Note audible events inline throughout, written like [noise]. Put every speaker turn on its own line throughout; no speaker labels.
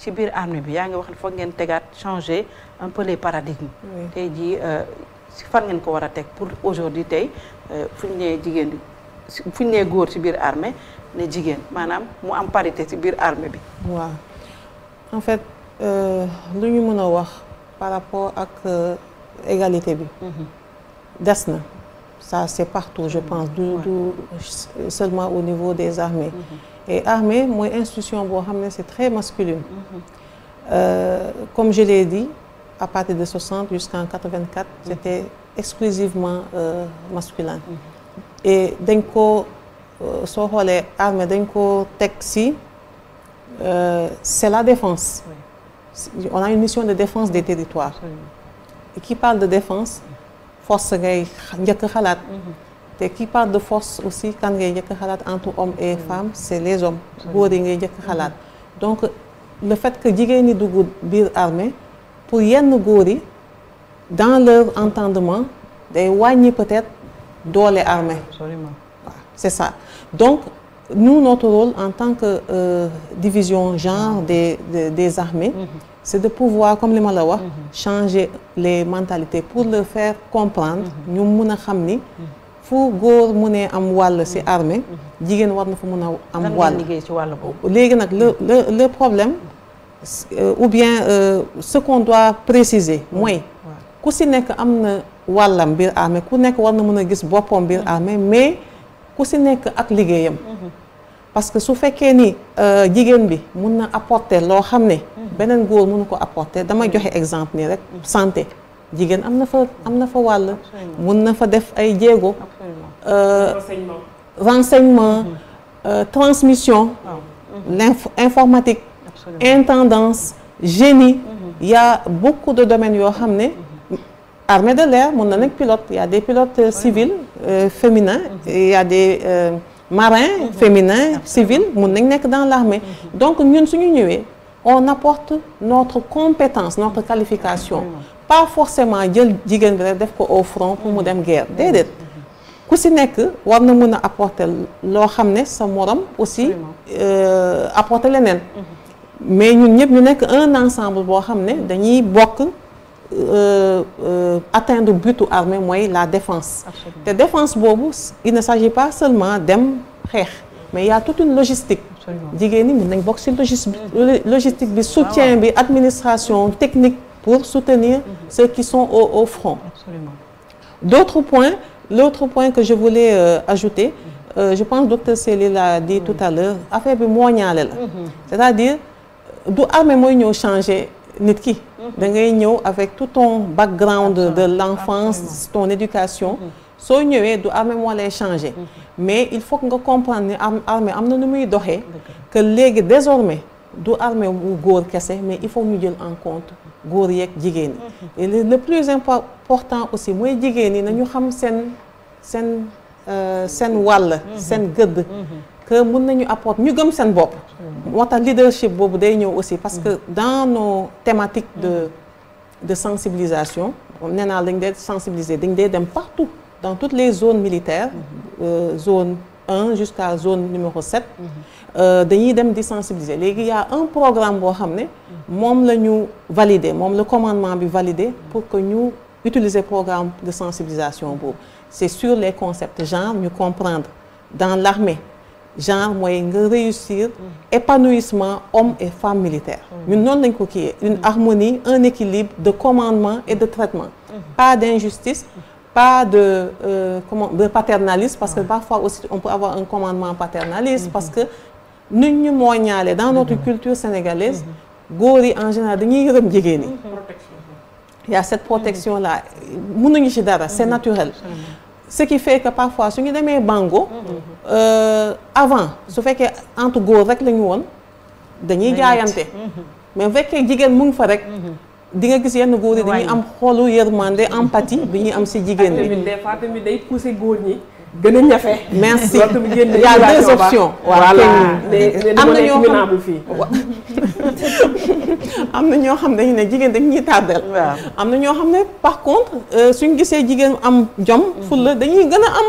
ci biir armée bi yaa ngi wax ni foog ngeen tegaat changer un peu les paradigmes tey jii si euh, fan ngeen ko war a teg pour aujourd'hui tey euh, fu ñu nee jigéen fu ñu nee góor ci biir armée ne jigéen maanaam mu am parité ci biir armée bi waaw en fait euh, lu ñu mën a wax par rapport ak égalité bi mhm. des na ça c'est partout je mhm. pense du du seulement au niveau des armées mhm. et armée mooy institution boo xam ne c'est très masculine mhm. euh, comme je l'ai dit à partir de 60 jusqu'en 84 mhm. c'était exclusivement euh, masculin e dañ ko euh, soo xoolee armée dañ ko teg si euh, c'est la défense on a une mission de défense des territoires et qui parle de défense force ngay njëkk xalaat te qui parle de force aussi kan ngay njëkk a xalaat entre hommes et femmes c'est les hommes góor ngay njëkk xalaat donc le fait que jigéen ñi dugg biir armée pour yenn góor yi dans leur entendement day wàññi peut-être doole armée absolument waaw c'est ça donc nous notre rôle en tant que euh, division genre des des, des armées mm -hmm. c'est de pouvoir comme li ma la wax mm-hmm. changer les mentalités pour leur faire comprendre mm-hmm. ñu mun a xam ni mm-hmm. fu góor mu ne am wàll ci armée jigéen war na fa mun a am wàll léegi nag le le problème euh, ou bien euh, ce qu'on préciser mooy ku si nekk am na wàllam biir armée ku nekk war na mën a gis boppam biir mm-hmm. armée mais ku si nekk ak liggéeyam mm-hmm. parce que su fekkee ni euh, jigéen bi mun na apporter loo xam ne mm-hmm. beneen góor mënu ko apporter dama joxe exemple nii rek santé jigéen am na fa am na fa wàll mun na fa def ay jéego euh, renseignement mm-hmm. euh, transmission l'informatique intendance génie mm-hmm. y a beaucoup de domaines yoo xam ne mm-hmm. armée de l'air mun na nekk pilote y a des pilotes euh, civils féminins y a des marins féminins mun nañ nekk dans l'armée donc ñun suñu ñëwee on apporte notre compétence notre qualification pas forcément jël jigéen bi rek def ko au front pour mu dem guerre déedéet ku si nekk war na mën a apporter loo xam ne sa morom aussi euh, apporte leneen mhm. mais ñun ñëpp ñu nekk un ensemble boo xam ne dañuy bokk euh, euh, atteindre butu armée mooy la défense te défense boobu il ne s'agit pas seulement dem xeex mais il tout a toute une logistique jigéen ñi nañ bokk si mm. logistique bi ah soutien bi administration technique pour soutenir mhm. ceux qui sont au, au front. Absolument. point que je voulais euh, ajouter, mhm. euh, je pense que docteur Sélé l'a dit tout à l'heure, mhm. affaire bi moo ñaale la. C'est-à-dire du armée mooy ñëw changer nit ki. da ngay ñëw avec tout ton background de l'enfance, ton éducation. soo ñëwee du armée moo lay changer. mais il faut que nga comprendre ni armée am na nu muy doxee. que léegi désormais du armée bu góor kese mais il faut ñu jël en compte. góor yeeg jigéen ñi mm-hmm. le plus important aussi mooy jigéen na ñu xam seen seen euh, seen wàll mm-hmm. seen gëdd mm-hmm. que mën nañu apporter ñu gëm seen bopp moo tax leadership boobu day ñëw aussi parce que dans no thématiques de de sensibilisation nee naa dañ dee sensibiliser dañ dee dem partout dans toutes les zones militaires euh, zones 1 jusqu'à zone numéro 7. Mhm. Euh, dañuy dem di sensibiliser léegi y a un programme boo xam ne. moom la ñu valider moom le commandement bi valider pour que ñu utiliser programme de sensibilisation boobu. c'est sur les concepts genre ñu comprendre dans l'armée genre mooy nga réussir mhm. épanouissement homme et femme militaire mhm. ñun noonu lañ ko kiyee une harmonie un équilibre de commandement et de traitement pas d'injustice pas de, euh, comment, de paternalisme, parce que parfois aussi on peut avoir un commandement paternaliste, parce mm-hmm. que nous nous dans notre mm-hmm. culture sénégalaise, mm-hmm. yi en général, il y a cette protection dara C'est naturel. Ce qui fait que parfois, si nous demee bango, euh, avant, ce fait que entre Gori et woon dañuy avons Mais jigéen avec les gens, di nga gis yenn góor yi dañuy am xolu yërmande empathie bi ñuy am si jigéen ñi. tamit des fois merci il y options. [laughs] am na ñoo xam am dañu ne jigéen dañ ñuy tardel am na ñoo xam ne par contre euh, suñ gisee jigéen am jom. Mm-hmm. fulla dañuy gën a am.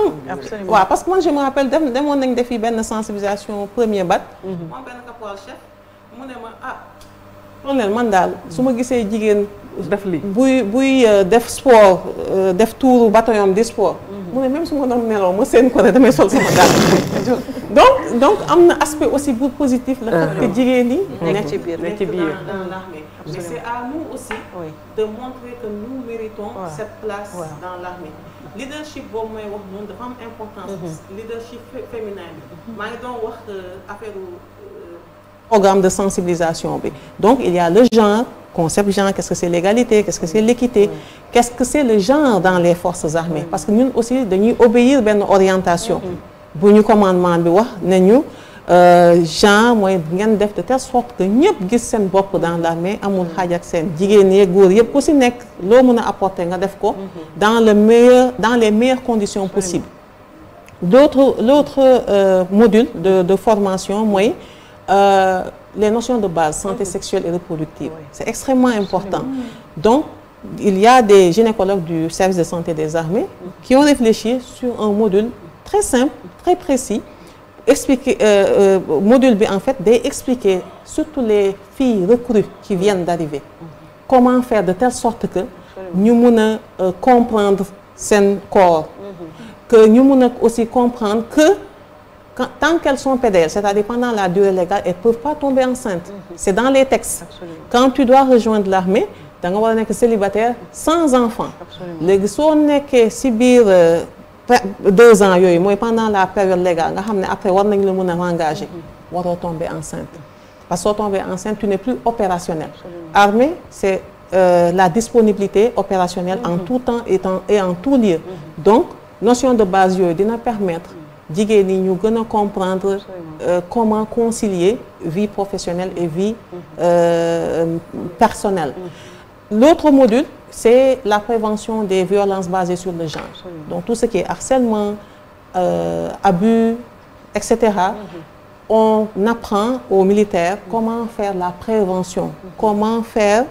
waaw parce que man je me rappelle def demoon nañ def yi benn sensibilisation premier bat. Mm-hmm. colonel man daal su ma gisee jigéen def lii buy buy euh, def sport euh, def tuuru bataillon di sport mhm. mu ne même su ma doon meloo ma seen ko ne damay sol sama daal [laughs] donc am na aspect aussi bu positif la fait uh-huh. que jigéen yi ci biir nekk ci biir mais c'est à nous aussi oui. de montrer que nous méritons ouais. cette place ouais. dans l'armée leadership boobu mooy wax noonu dafa am importance mhm. leadership féminin bi mhm. maa ngi doon wax euh, affaire programme de sensibilisation bi donc il y le genre concept genre qu'est-ce que c'est l'égalité qu'est-ce que c'est l'équité quest que c'est le genre dans les forces armées parce que ñun aussi dañuy obéir benn orientation bu ñu commandement bi wax ne nañu euh, genre mooy ngeen def de telle sorte que ñëpp gis seen bopp dans l'armée amul xaaj ak seen jigéen yeeg góor yëpp ku nekk loo mën a apporter nga def ko mhm. dans le meilleur dans les meilleures conditions possibles l'autre l'autre euh, module de de formation mooy euh, les notions de base, santé mhm. sexuelle et reproductive. Oui. C'est extrêmement important. Absolument. Donc, il y a des gynécologues du service de santé des armées mhm. qui ont réfléchi sur un module très simple, très précis. Expliquer, euh, euh, module B, en fait, d'expliquer, surtout les filles recrues qui mhm. viennent d'arriver, comment faire de telle sorte que ñu mun a euh, comprendre seen corps. que ñu mun a aussi comprendre que Quand, tant qu'elles sont PDL, c'est-à-dire pendant la durée légale, elles peuvent pas tomber enceintes. Mhm. C'est dans les textes. Quand tu dois rejoindre l'armée, da nga war a nekk célibataire sans enfant. léegi soo nekkee si biir euh, deux ans yooyu mooy pendant la période légale nga xam ne après war nañ la mën a engagé. Mhm. waroo tomber enceinte. parce que soo tombee enceinte tu n'es plus opérationnel. armée c'est euh, la disponibilité opérationnelle en mhm. tout temps et en, et tout lieu. donc notion de base yooyu dina permettre. jigéen ñi ñu gën a comprendre euh, comment concilier vie professionnelle et vie mm-hmm. euh, personnelle mm-hmm. l'autre module c'est la prévention des violences basées sur le genre donc tout ce qui est harcèlement euh, abus etc mm-hmm. on apprend aux militaires comment faire la prévention comment faire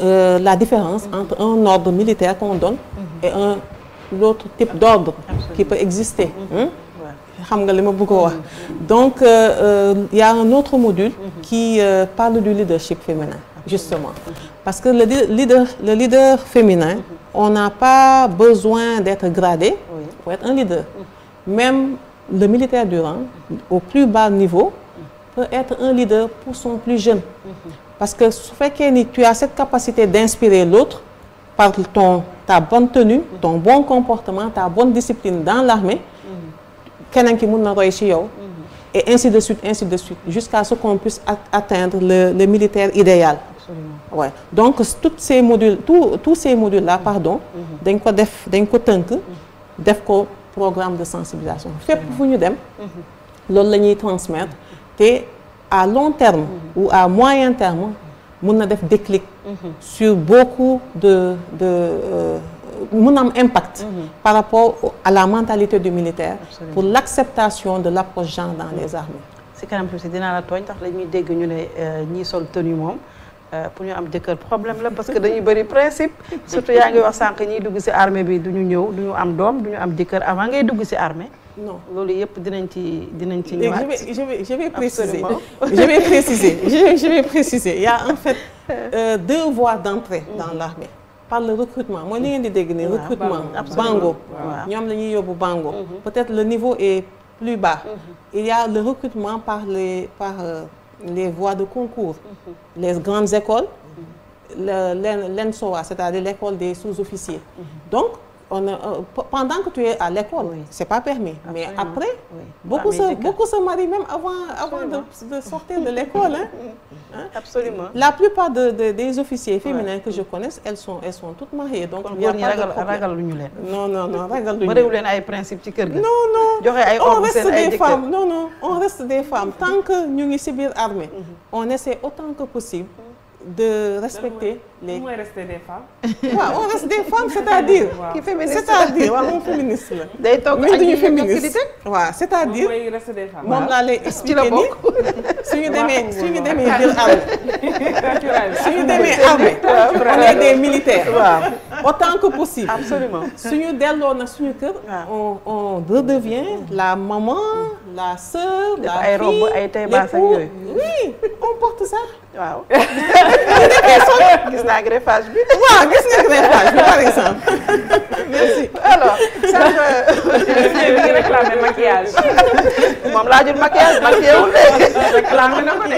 euh, la différence entre un ordre militaire qu'on donne et un d'autres types d'ordre qui peut exister hein? xam nga li ma bëgg a wax mm-hmm. donc il euh, euh, y a un autre module mm-hmm. qui euh, parle du leadership féminin mm-hmm. parce que le leader le leader féminin on n'a pas besoin d'être gradé pour être un leader même le militaire du au plus bas niveau peut être un leader pour son plus jeune parce que su fekkee ni tu as cette capacité d'inspirer l'autre par ton ta bonne tenue ton bon comportement ta bonne discipline dans l'armée mhm. keneen ki mun na roy yow mhm. et ainsi de suite ainsi de suite jusqu'à ce qu'on puisse atteindre le, le militaire idéal ouais. donc toutes ces modules tout, tous ces modules là mhm. pardon dañ ko def dañ ko tënk def ko programme de sensibilisation fépp fu ñu dem loolu la ñuy transmettre te à long terme ou à moyen terme mun na def déclic mhm. sur beaucoup de de euh, mun am impact mhm. par rapport à la mentalité du militaire pour l'acceptation de l'approche genre dans mhm. les armées si kanam tuuti dinaa la tooñ tax dañuy dégg ñu ne euh, ñii sol tenue moom euh, pour ñu am jëkkër problème la parce que dañuy bëri principe surtout yaa ngi wax sànq ñiy dugg ci armée bi du ñu ñëw du ñu am doom du ñu am jëkkër avant ngay dugg ci armée non loolu yëpp dinañ ci dinañ ci ñëwaat je vais je vais préciser [laughs] je vais préciser y a en fait [laughs] euh, deux voies d'entrée dans mm-hmm. l'armée par le recrutement mooy li ngeen di dégg ni ah, recrutement bango ñoom la yo yóbbu bango mm-hmm. peut-être le niveau est plus bas mm-hmm. il y l le recrutement par les par euh, les voies de concours les grandes écoles l'ENSOA c'est-à-dire l'école des sous-officiers donc on a, euh, pendant que tu es à l'école oui. c'est pas permis Absolument. mais après oui. beaucoup se beaucoup se marient même avant avant de, de, sortir de l'école hein? [laughs] hein? Absolument la plupart de, de des officiers féminins que je connaisse elles sont elles sont toutes mariées donc il y a pas de problème non non non ragaluñu bariwul leen ay principe ci kër ga non non joxe ay on reste des femmes non non on reste des femmes tant que ñu ngi ci biir armée mhm. on essaie autant que possible de respecter les mooy rester des femmes. [laughs] waaw on reste des femmes c'est-à-dire. ki féministe c'est-à-dire waaw moom féministe la. [laughs] day toog ak [laughs] on est des militaires. waaw autant que possible. absolument suñu delloo nag suñu ah. la maman la sœur. def ay robe ay tay baas ak yooyu. oui on porte ça. waaw. [laughs] gis naa greffage bi. waaw gis nga greffage bi par exemple. [laughs] merci alors. sànq. réclamé maquillage. moom laajul maquillage maquillé wul léegi. réclamé na ko de.